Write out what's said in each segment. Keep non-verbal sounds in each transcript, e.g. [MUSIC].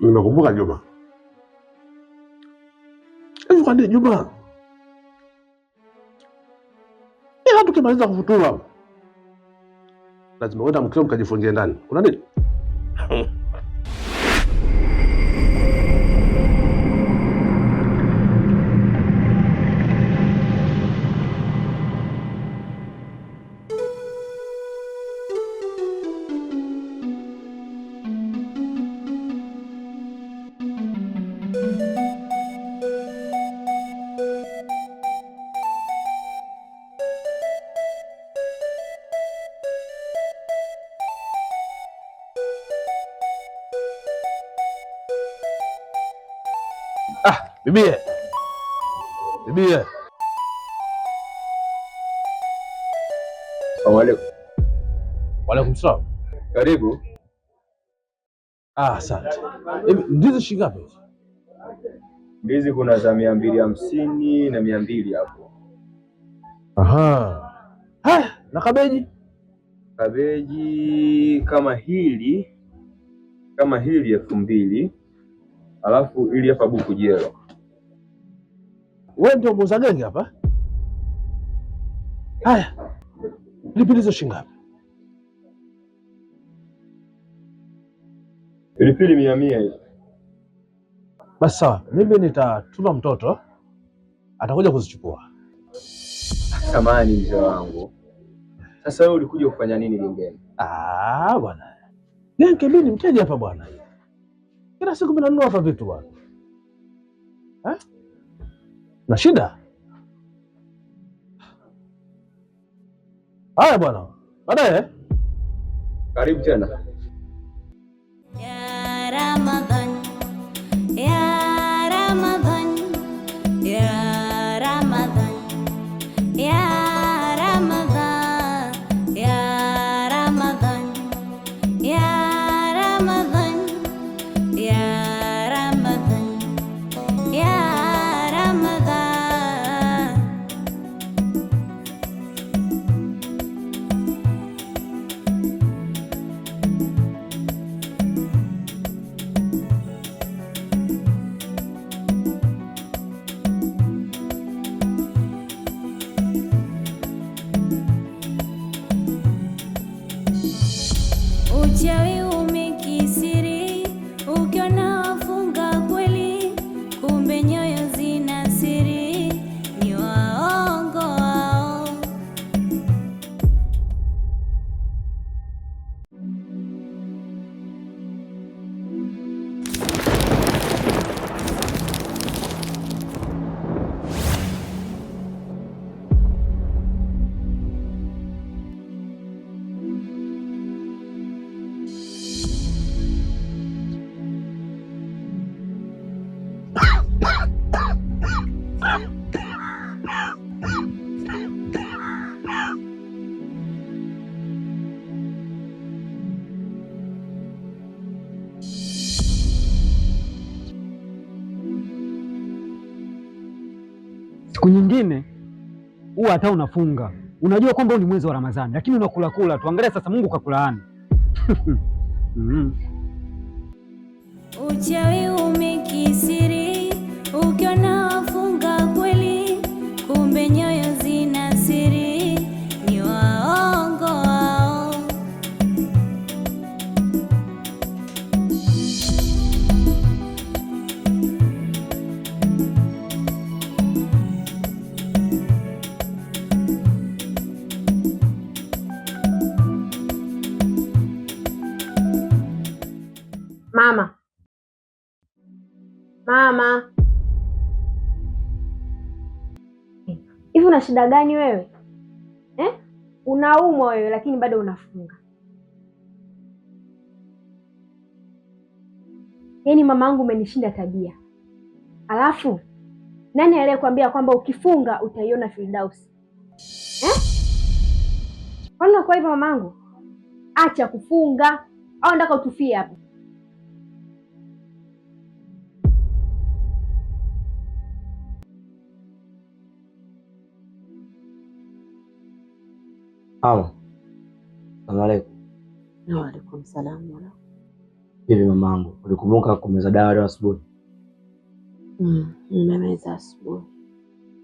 Nimekumbuka Juma, hivi kwani Juma, ila tukimaliza kufutua lazima uenda mkeo mkajifungie ndani, una nini? [LAUGHS] Bibie. Bibie. Salamu alaykum. Wa alaykum Karibu. Ah, asante. Hivi ndizi shilingi Ndizi kuna za mia mbili hamsini na mia mbili hapo. Aha. Ha, na kabeji? Kabeji kama hili kama hili elfu mbili alafu ili hapa buku jelo wewe ndio muuza genge hapa? Haya, pilipili shilingi ngapi? Pilipili mia mia hizo. Basi sawa, mimi nitatuma mtoto atakuja kuzichukua. Samahani mzee wangu, sasa wewe ulikuja kufanya nini gengeni? Ah bwana, genge mimi ni mteja hapa bwana, kila siku mimi nanunua hapa vitu bwana, eh? na shida. Haya bwana, baadaye, karibu tena. Ya Siku nyingine huwa hata unafunga, unajua kwamba huu ni mwezi wa Ramadhani, lakini unakula kula tu. Angalia sasa, Mungu kakulaani. [LAUGHS] mm -hmm. Uchawi umekisiri ukiona una shida gani wewe eh? Unaumwa wewe lakini bado unafunga. Yaani mama yangu umenishinda tabia. Alafu nani aliyekwambia kwamba ukifunga utaiona Firdaus eh? Ona, kwa hivyo mamangu, acha kufunga au nataka utufie hapo. Mama, salamu alaikum. Waalaikum salamu. Vipi mamangu, ulikumbuka kumeza dawa leo asubuhi? Mm, asubuhi.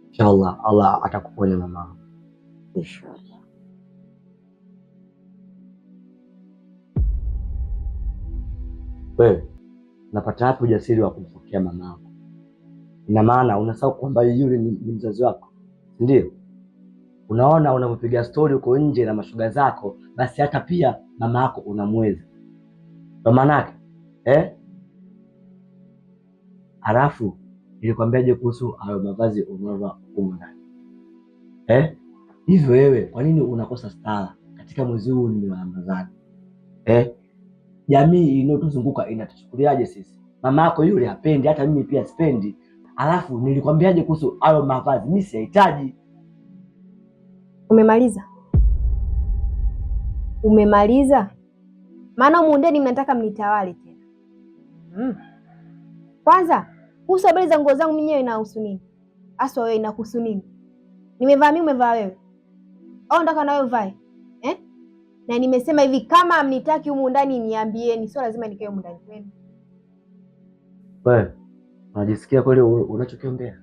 Inshallah Allah atakuponya mamangu. Inshallah. Wewe napata wapi ujasiri wa kumfukia mamangu? Ina maana unasahau kwamba yule ni mzazi wako, si ndio? Unaona, unavyopiga stori uko nje na mashoga zako, basi hata pia mama yako unamweza kwa yake eh? Halafu nilikwambiaje kuhusu hayo mavazi unavaa huko ndani eh? Hivyo wewe kwa nini unakosa stara katika mwezi huu ni wa Ramadhani eh? Jamii inayotuzunguka inatuchukuliaje sisi? Mama yako yule hapendi, hata mimi pia sipendi. Alafu nilikwambiaje kuhusu hayo mavazi? Mimi siyahitaji. Umemaliza? Umemaliza? Maana muundeni mnataka mnitawale tena. Mm. Kwanza kuhusu habari za nguo zangu mwenyewe inahusu nini? Aswa wewe inakuhusu nini? Nimevaa mimi, umevaa wewe au nataka na wewe uvae eh? Na nimesema hivi, kama mnitaki humu ndani niambieni, sio lazima nikae humu ndani kwenu. Wewe unajisikia kweli unachokiongea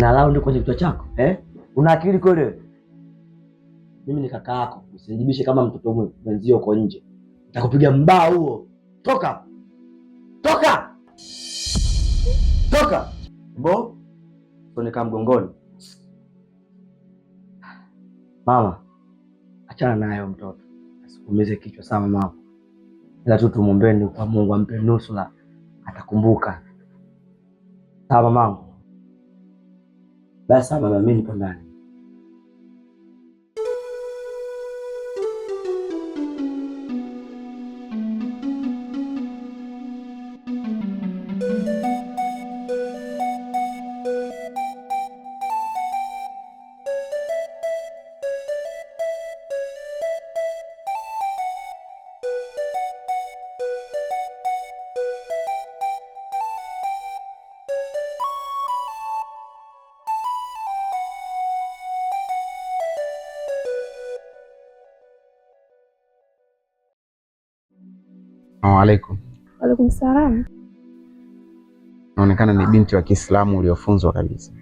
na lao ndio kwenye kichwa chako eh? Una akili kweli? Mimi ni kaka yako, usijibishe kama mtoto mwenzio uko nje. Nitakupiga mbaa huo. Toka, toka, toka. Mbo soneka mgongoni. Mama, achana nayo mtoto, asikumize kichwa sana mama, ila tu tumwombeni kwa Mungu ampe nusura, atakumbuka. Sawa mamangu? Basi mama, mimi nipo ndani. alaikum. Waalaikum salaam. Naonekana ni binti wa Kiislamu uliofunzwa kabisa.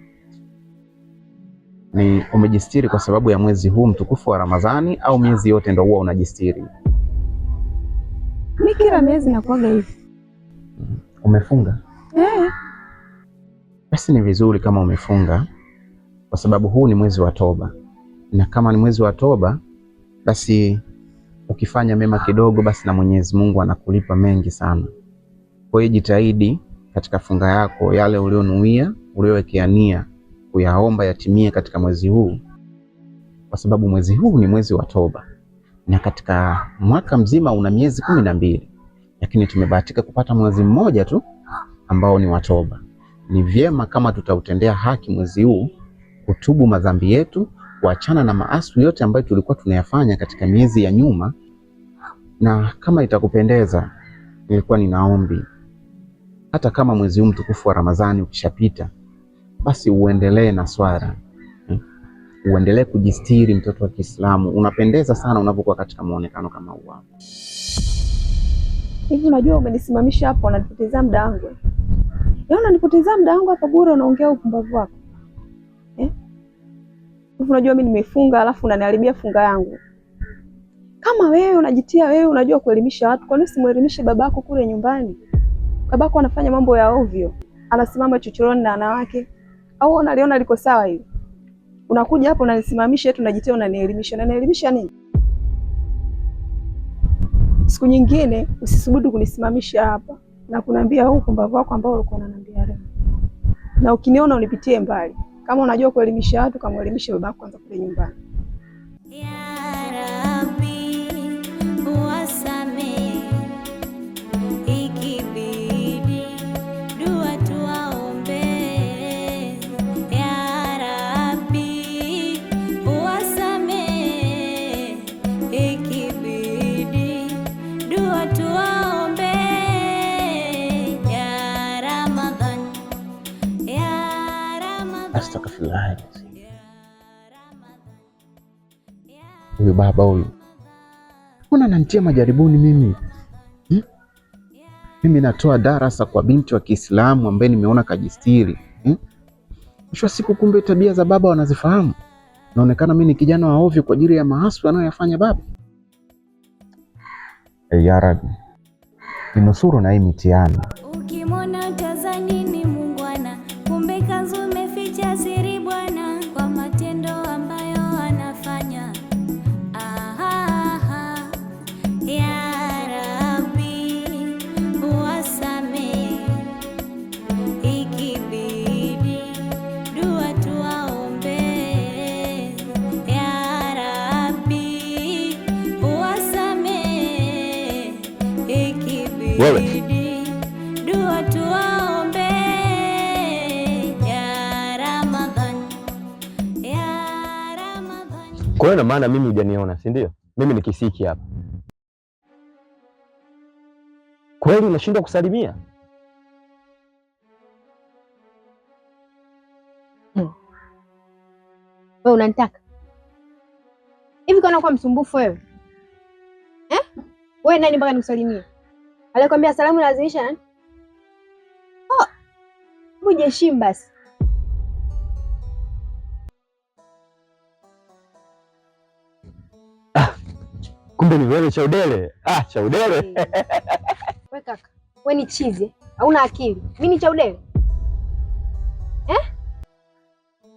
Ni umejistiri kwa sababu ya mwezi huu mtukufu wa Ramadhani au miezi yote ndio huwa unajistiri? Mi kila miezi nakuaga hivi. Umefunga? Eh. Basi ni vizuri kama umefunga kwa sababu huu ni mwezi wa toba, na kama ni mwezi wa toba basi ukifanya mema kidogo, basi na Mwenyezi Mungu anakulipa mengi sana. Kwa hiyo jitahidi katika funga yako, yale ulionuia, uliowekea nia kuyaomba yatimie katika mwezi huu, kwa sababu mwezi huu ni mwezi wa toba, na katika mwaka mzima una miezi kumi na mbili, lakini tumebahatika kupata mwezi mmoja tu ambao ni wa toba. Ni vyema kama tutautendea haki mwezi huu, kutubu madhambi yetu kuachana na maasi yote ambayo tulikuwa tunayafanya katika miezi ya nyuma, na kama itakupendeza, nilikuwa ninaombi hata kama mwezi huu mtukufu wa Ramadhani ukishapita, basi uendelee na swala eh? uendelee kujistiri. Mtoto wa Kiislamu unapendeza sana unapokuwa katika muonekano kama huo. Hivi unajua, umenisimamisha hapo, unanipotezea muda wangu. Yaani unanipotezea muda wangu hapa bure, unaongea upumbavu wako unajua mimi nimefunga, alafu unaniharibia funga yangu. Kama wewe unajitia, wewe unajua kuelimisha watu, kwa nini simuelimishe babako kule nyumbani? Babako anafanya mambo ya ovyo, anasimama chochoroni na wanawake, au unaliona liko sawa hilo? Unakuja hapo unanisimamisha, eti unajitia, unanielimisha. Unanielimisha nini? Siku nyingine usisubutu kunisimamisha hapa na kuniambia huko mbavu wako ambao ulikuwa unaniambia leo, na ukiniona unipitie mbali. Kama unajua kuelimisha watu, kamwelimishe babako kwanza kule nyumbani. mashtaka fulani. Huyu baba huyu mbona ananitia majaribuni mimi hmm? Mimi natoa darasa kwa binti wa Kiislamu ambaye nimeona kajistiri hmm? Mwisho siku kumbe tabia za baba wanazifahamu. Naonekana mi ni kijana wa ovyo kwa ajili ya maasi anayoyafanya baba. Hey, ya Rabbi, ninusuru na hii mitihani. Kwa hiyo na maana mimi hujaniona, si ndio? Mimi ni kisiki hapa. Kweli unashindwa kusalimia? Hmm. Wewe unanitaka hivi kana kwa msumbufu wewe eh? Wewe nani mpaka nikusalimia? Alikwambia salamu lazimisha nani? Oh, mujeshim basi kumbe ni wewe Chaudele. Ah, Chaudele. Wewe mm. kaka, wewe ni chizi, hauna akili. Mimi ni Chaudele eh?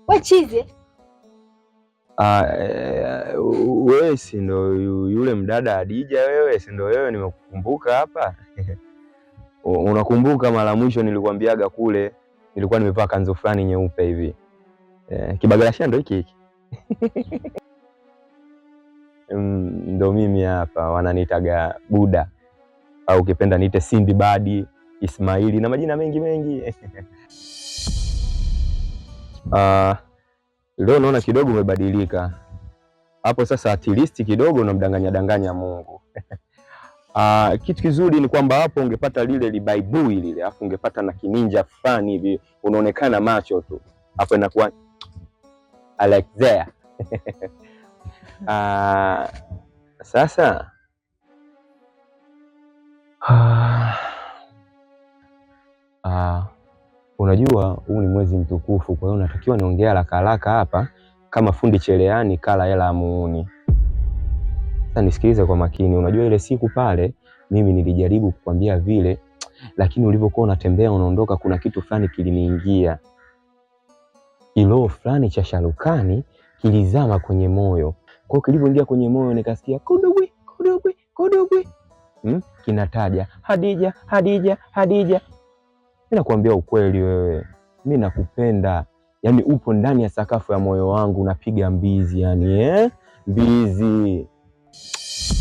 Wewe chizi. Ah, wewe eh, si ndo yule mdada Adija? Wewe si ndo wewe, nimekukumbuka hapa [LAUGHS] Unakumbuka mara mwisho nilikwambiaga kule nilikuwa nimevaa kanzu fulani nyeupe hivi, eh, ndo shando hiki hiki [LAUGHS] ndo mimi hapa, wananitaga Buda au ukipenda niite Sindibadi, Ismaili na majina mengi mengi. Uh, [LAUGHS] leo naona kidogo umebadilika hapo sasa, at least kidogo unamdanganya danganya Mungu. Uh, [LAUGHS] kitu kizuri ni kwamba hapo ungepata lile libaibui lile, afu ungepata na kininja fulani hivi, unaonekana macho tu hapo inakuwa there [LAUGHS] Aa, ah, sasa Aa, ah. ah. unajua huu ni mwezi mtukufu, kwa hiyo natakiwa niongea haraka haraka hapa kama fundi cheleani kala hela muuni. Sasa nisikilize kwa makini. Unajua ile siku pale mimi nilijaribu kukwambia vile, lakini ulivyokuwa unatembea unaondoka, kuna kitu fulani kiliniingia, iloo fulani cha sharukani kilizama kwenye moyo. Kwa hiyo kilivyoingia kwenye moyo nikasikia kodogwe kodogwe kodogwe, hmm? kinataja Hadija Hadija Hadija. Mimi nakwambia ukweli, wewe mi nakupenda, yani upo ndani ya sakafu ya moyo wangu, unapiga mbizi yani eh? mbizi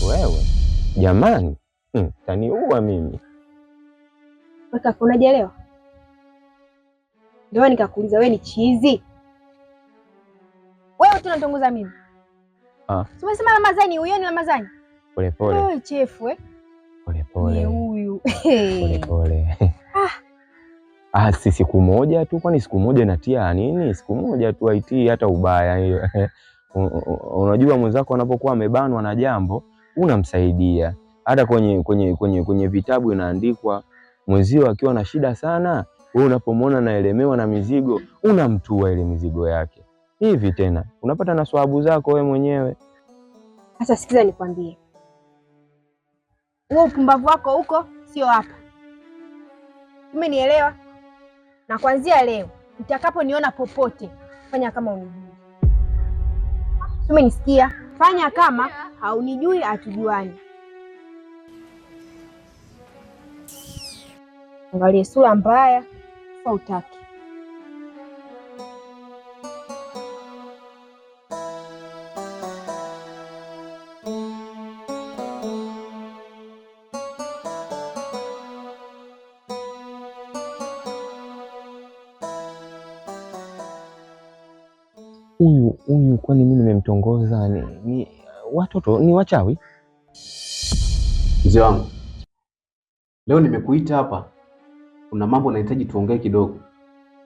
wewe jamani, hmm, taniua mimi kaka, unajelewa? Ndio nikakuuliza wewe ni chizi wewe tu unatongoza mimi. Ah. Umesema Ramadhani, huyo ni Ramadhani. Pole pole. Wewe chefu eh. Pole pole. Ni huyu. [LAUGHS] Pole pole. Ah. Ah, si siku moja tu, kwani siku moja inatia nini? Siku moja tu haitii hata ubaya hiyo. [LAUGHS] Unajua mwenzako anapokuwa amebanwa na jambo, unamsaidia. Hata kwenye kwenye kwenye kwenye vitabu inaandikwa mwenzio akiwa na shida sana, wewe unapomwona naelemewa na mizigo, unamtua ile mizigo yake hivi tena unapata na swabu zako wewe mwenyewe. Sasa sikiza nikwambie, huo upumbavu wako huko sio hapa, umenielewa? Na kuanzia leo utakaponiona popote, fanya kama unijui. Umenisikia? Fanya kama haunijui, hatujuani. Angalie sura mbaya, utaki huyu kwani mimi nimemtongoza? Ni, ni watoto ni wachawi. Mzee wangu, leo nimekuita hapa, kuna mambo nahitaji tuongee kidogo,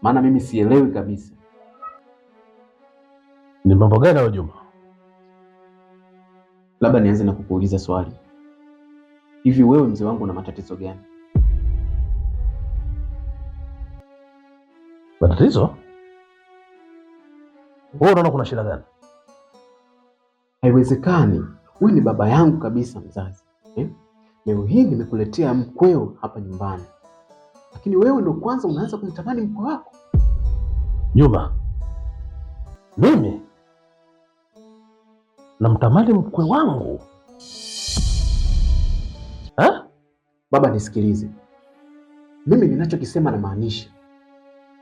maana mimi sielewi kabisa. Ni mambo gani hayo Juma? Labda nianze na kukuuliza swali, hivi wewe mzee wangu una matatizo gani? Matatizo wewe unaona kuna shida gani? Haiwezekani, huyu ni baba yangu kabisa mzazi eh? Leo hii nimekuletea mkweo hapa nyumbani, lakini wewe ndio kwanza unaanza kumtamani mkwe wako Juma. Mimi namtamani mkwe wangu ha? Eh? Baba nisikilize, mimi ninachokisema namaanisha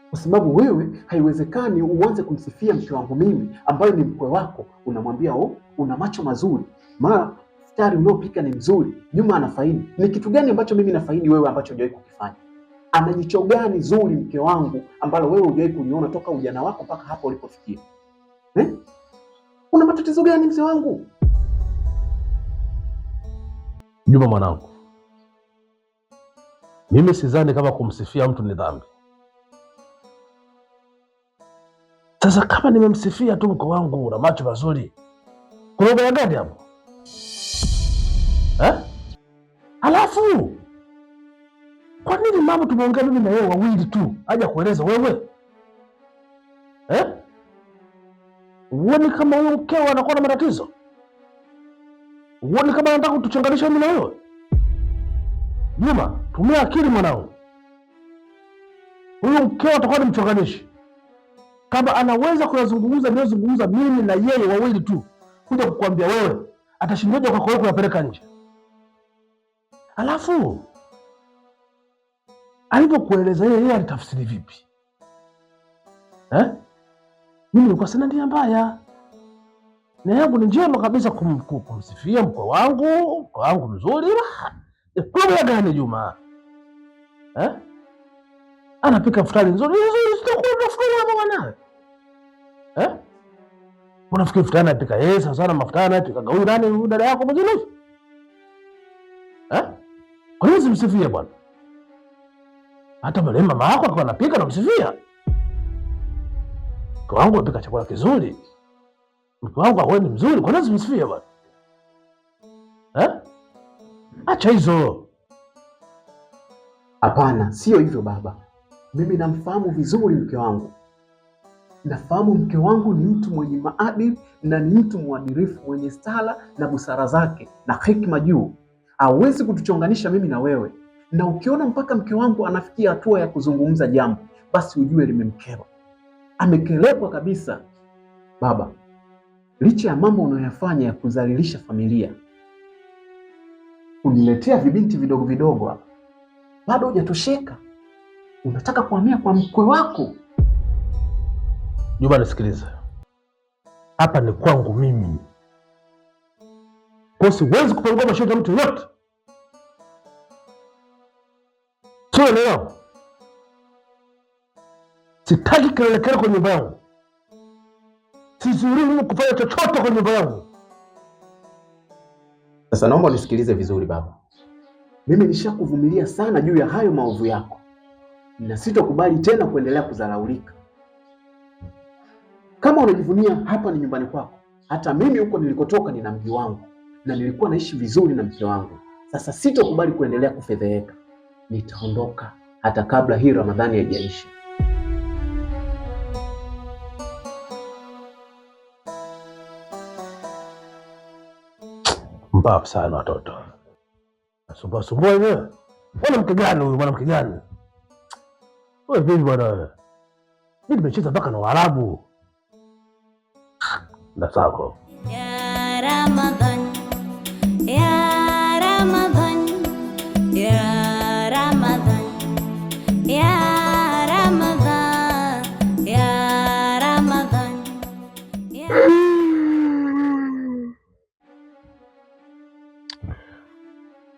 kwa sababu wewe haiwezekani uanze kumsifia mke wangu mimi ambayo ni mkwe wako, unamwambia oh, una macho mazuri, ma stari unaopika ni mzuri, Juma anafaidi. Ni kitu gani ambacho mimi nafaidi wewe ambacho hujawahi kukifanya? Ana jicho gani zuri mke wangu ambalo wewe hujawahi kuniona toka ujana wako mpaka hapo ulipofikia eh? Una matatizo gani mzee wangu? Juma mwanangu, mimi sidhani kama kumsifia mtu ni dhambi Sasa kama nimemsifia tu mko wangu na macho mazuri, kuna ubaya gani hapo? Halafu eh? kwa nini mama, tumeongea mimi na yeye wawili tu, haja kueleza wewe eh? Uoni kama huyo mkeo anakuwa na matatizo? Uoni kama anataka kutuchanganisha mimi na wewe? Juma, tumia akili mwanangu, huyu mkeo atakuwa ni mchonganishi kama anaweza kuyazungumza niyozungumza mimi na yeye wawili tu, kuja kukwambia wewe, atashindaje kwako wewe kuyapeleka nje? Alafu alivyokueleza yeye, yeye alitafsiri vipi eh? Mimi nilikuwa sina nia mbaya na yangu ni njema kabisa kumsifia mkwe wangu, mkwe wangu mzuri. Mambo gani Juma eh? anapika futari nzuri mwanawe eh? Unafikiri futari anapika yeye sana mafuta anapika nani? Huyu dada yako mwenye nusu eh? Kwa nini bwana? Hata mama yako alikuwa anapika, namsifia mke wangu, anapika chakula kizuri, mke wangu awe ni mzuri. Kwa nini bwana eh? Acha hizo. Hapana, sio hivyo baba mimi namfahamu vizuri mke wangu, nafahamu mke wangu ni mtu mwenye maadili na ni mtu mwadilifu mwenye stara na busara zake na hekima juu. Hawezi kutuchonganisha mimi na wewe, na ukiona mpaka mke wangu anafikia hatua ya kuzungumza jambo, basi ujue limemkera, amekelepwa kabisa. Baba, licha ya mambo unayoyafanya ya kudhalilisha familia, kuniletea vibinti vidogo vidogo hapa, bado hujatosheka unataka kuhamia kwa mkwe wako? Juba, nisikiliza, hapa ni kwangu mimi, kwa siwezi kupangua masharti ya mtu yoyote. Sio leo, sitaki kelelekele kwa nyumba yangu, sizurimu kufanya chochote kwa nyumba yangu. Sasa naomba unisikilize vizuri baba, mimi nishakuvumilia sana juu ya hayo maovu yako na sitokubali tena kuendelea kudharaulika. Kama unajivunia hapa ni nyumbani kwako, hata mimi huko nilikotoka nina mji wangu na nilikuwa naishi vizuri na mke wangu. Sasa sitokubali kuendelea kufedheheka, nitaondoka hata kabla hii Ramadhani haijaisha. Mbavu sana watoto, asumbua sumbua. Mwanamke gani huyu? Mwanamke gani? Wewe vipi bwana? Mimi nimecheza mpaka na Waarabu. Na sako. Ya Ramadhan. Ya Ramadhan. Ya Ramadhan. Ya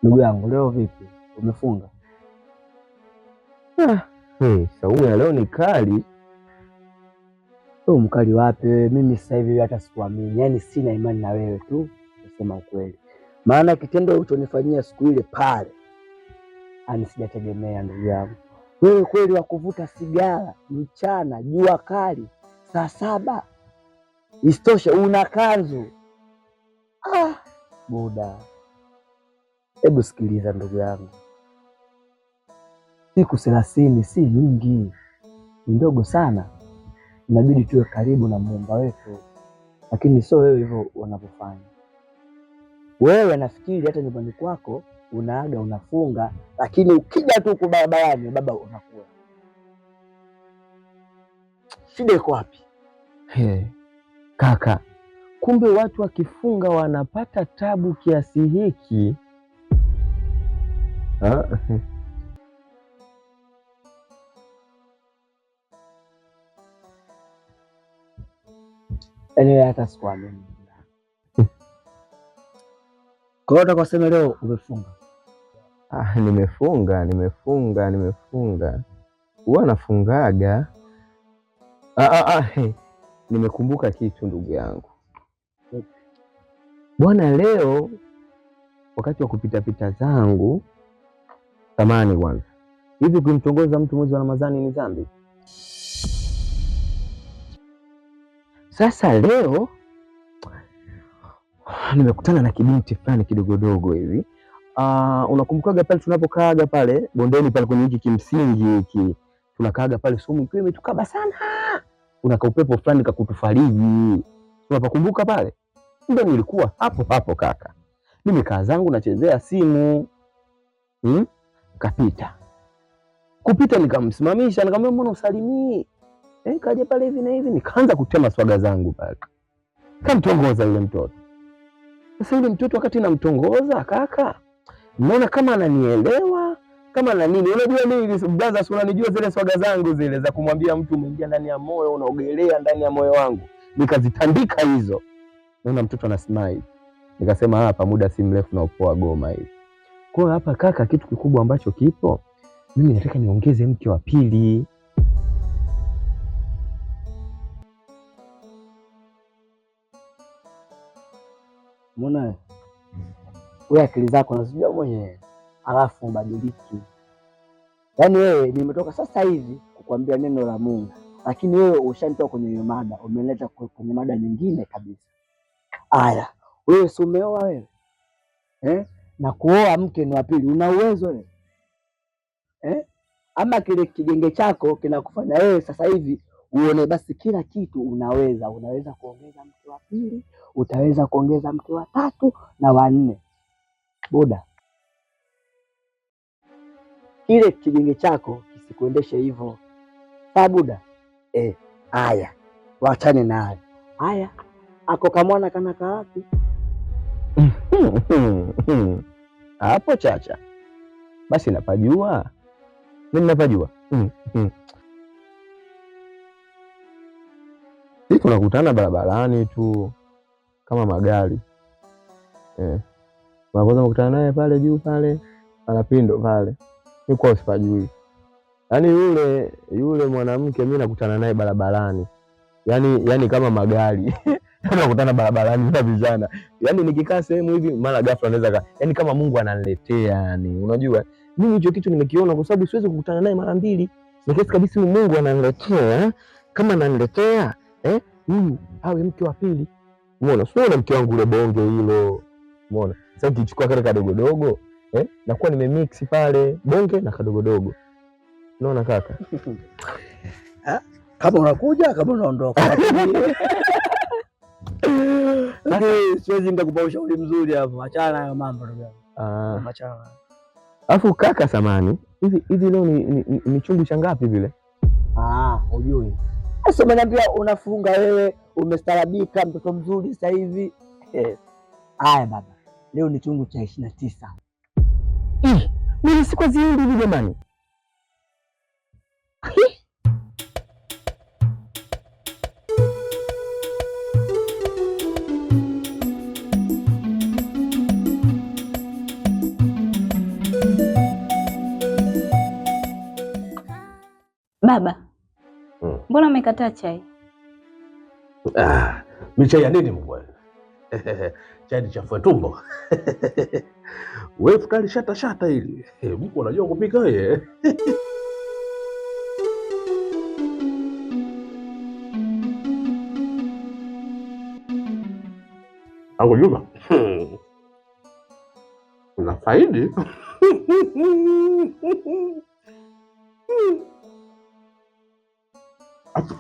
Ndugu yangu leo vipi? Umefunga? Ah hmm, saumu ya leo ni kali. Mkali wapi wewe? Mimi sasa hivi hata sikuamini, yaani sina imani na wewe tu, kusema ukweli, maana kitendo ulichonifanyia siku ile pale, ani sijategemea ndugu yangu. Wewe kweli wa kuvuta sigara mchana, jua kali, saa saba, isitoshe una kanzu ah, buda. Hebu sikiliza ndugu yangu, Siku thelathini si nyingi, ni ndogo sana. Inabidi tuwe karibu na muumba wetu, lakini sio wewe hivyo unavyofanya wewe. Nafikiri hata nyumbani kwako unaaga unafunga, lakini ukija tu huku barabarani baba unakuwa Shida iko wapi? Hey, kaka, kumbe watu wakifunga wanapata tabu kiasi hiki ha? Ah, Anyway, hata sikuamini. Kwa hiyo utakosema leo umefunga? Ah, nimefunga nimefunga nimefunga, huwa nafungaga. Ah, ah, ah, hey. Nimekumbuka kitu ndugu yangu bwana. Leo wakati wa kupitapita zangu samani, kwanza hivi kumtongoza mtu mwezi wa Ramadhani ni dhambi? Sasa leo nimekutana na kibinti fulani kidogodogo hivi uh, unakumbukaga pale tunapokaaga pale bondeni pale kwenye hiki kimsingi hiki tunakaaga pale sumu ikiwa imetukaba sana, unaka upepo fulani kakutufariji, unapakumbuka pale? Ndio nilikuwa hapo hapo kaka, mimi kaa zangu nachezea simu hmm? Kapita kupita, nikamsimamisha nikamwambia, mbona usalimii? Eh, kaja pale hivi na hivi nikaanza kutema swaga zangu pale. Kamtongoza yule mtoto. Sasa yule mtoto wakati namtongoza kaka, naona kama ananielewa, kama na nini. Unajua mimi brother, si unanijua zile swaga zangu zile za kumwambia mtu umeingia ndani ya moyo, unaogelea ndani ya moyo wangu. Nikazitandika hizo. Naona mtoto ana smile, Nikasema hapa muda si mrefu na upoa goma hivi. Kwa hapa kaka, kitu kikubwa ambacho kipo, mimi nataka niongeze mke wa pili. Mbona wewe akili zako nazijua mwenyewe, alafu ubadiliki. Yaani wewe nimetoka sasa hivi kukwambia neno la Mungu, lakini wewe ushanitoa kwenye hiyo mada, umeleta kwenye mada nyingine kabisa. Aya, wewe si umeoa wewe eh? na kuoa mke ni wa pili, una uwezo wewe eh? ama kile kigenge chako kinakufanya wewe sasa hivi uone basi kila kitu unaweza, unaweza kuongeza mke wa pili, utaweza kuongeza mke wa tatu na wa nne. Boda, kile kijenge chako kisikuendeshe hivyo, sabuda e, haya E, wachane na haya haya. Ako kamwana kana kaapi [LAUGHS] hapo chacha, basi napajua mimi, napajua sisi tunakutana barabarani tu kama magari eh. Kwanza naye pale juu pale anapindo pale, nikuwa usipajui. yani yule yule mwanamke mi nakutana naye barabarani yani, yani kama magari [LAUGHS] yaani nakutana barabarani na vijana yani, nikikaa sehemu hivi mara ghafla naweza yani kama Mungu ananiletea yani, unajua mimi hicho kitu nimekiona, kwa sababu siwezi kukutana naye mara mbili, ni kabisa Mungu ananiletea kama ananiletea eh, huyu awe mke wa pili. Umeona, sio na mke wangu ule bonge hilo. Umeona, sasa ukichukua kale kadogodogo eh, nakuwa nimemix pale bonge na kadogodogo. Unaona kaka [LAUGHS] ah, kama unakuja kama unaondoka, [LAUGHS] siwezi nikakupa ushauri mzuri hapo. Achana hayo mambo ndugu yangu, ah. achana. Alafu kaka, samani hivi hivi, leo ni, ni, ni, ni chungu cha ngapi vile? Ah, hujui sasa umeniambia unafunga wewe, umestarabika, mtoto mzuri sasa hivi. Eh, haya baba, leo ni chungu cha ishirini na tisa. Eh, mimi siku ziindi hivi jamani. Baba Mbona umekataa chai? Ah, mi chai ya nini mbona? [LAUGHS] chai ni chafua tumbo. [LAUGHS] Wewe sukari shata shata hili. Mko [LAUGHS] anajua kupika wewe. Angu Juma. Una faidi?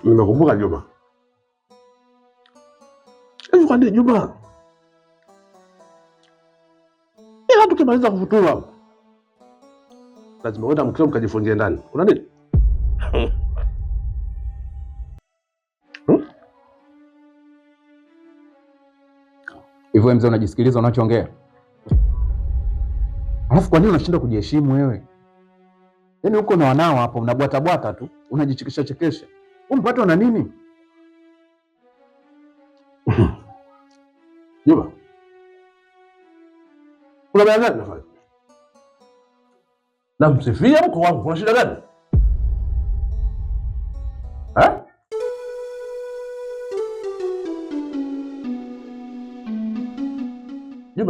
nimekumbuka Juma. Hivi kwani Juma, ila tukimaliza kufutula lazima uenda mkeo mkajifungie ndani, una nini? Hmm? Hmm? Hivyo mzee, unajisikiliza unachoongea? Alafu kwa nini unashinda kujiheshimu wewe? Yaani huko na wanao hapo, unabwatabwata tu, unajichekesha chekesha umpata na nini? [LAUGHS] Juba. una baya gani Namsifia mko wangu, kuna shida gani? Eh?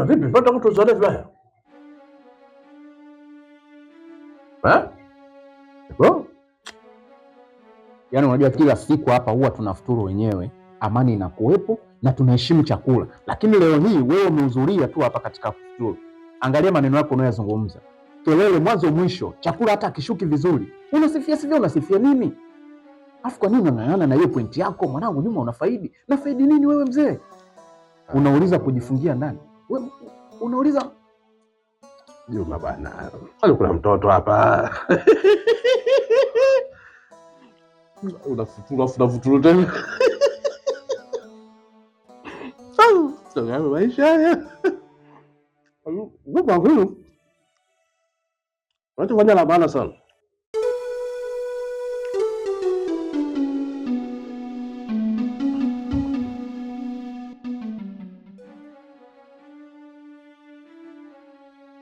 vipi? Pata mtu zote vibaya. Eh? Kwa? Yaani unajua kila siku hapa huwa tunafuturu wenyewe, amani inakuwepo na tunaheshimu chakula. Lakini leo hii wewe umehudhuria tu hapa katika kufuturu. Angalia maneno yako unayozungumza. Kelele mwanzo mwisho, chakula hata akishuki vizuri. Unasifia sivyo, unasifia nini? Afu kwa nini unaana na hiyo pointi yako mwanangu, nyuma unafaidi? Na faidi nini wewe mzee? Unauliza kujifungia ndani. Wewe unauliza Juma bana. Kuna mtoto hapa. [LAUGHS] Unafutula funafutulu tena. Tazama maisha haya. Ngoba huyu. Unachofanya la maana sana.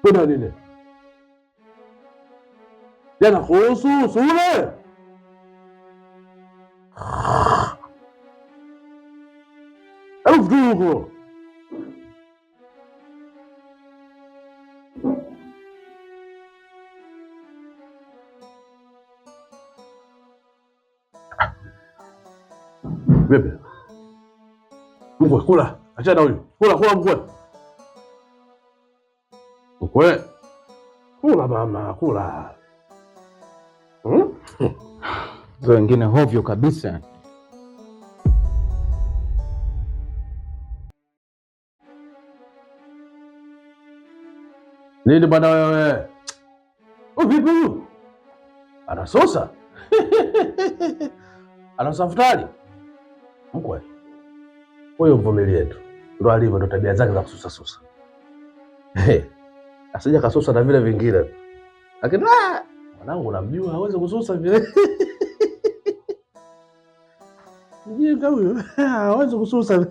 Kuna nini? Jana kuhusu sule Hugo. Bebe. Mkwe, kula. na huyo. Kula, kula mkwe. Mkwe. Kula mama, kula. Hmm? Wengine hovyo kabisa. Nini bwana wewe? Uvipi huyu? Anasusa? [LAUGHS] Anasafutari? Mkwe. Huyo mvumili yetu Ndo alivyo, ndo tabia zake za kususa susa. Hey. Asija kasusa na vile vingine. Lakini ah, mwanangu namjua hawezi kususa vile. [LAUGHS] Mjinga huyo. [LAUGHS] Hawezi kususa.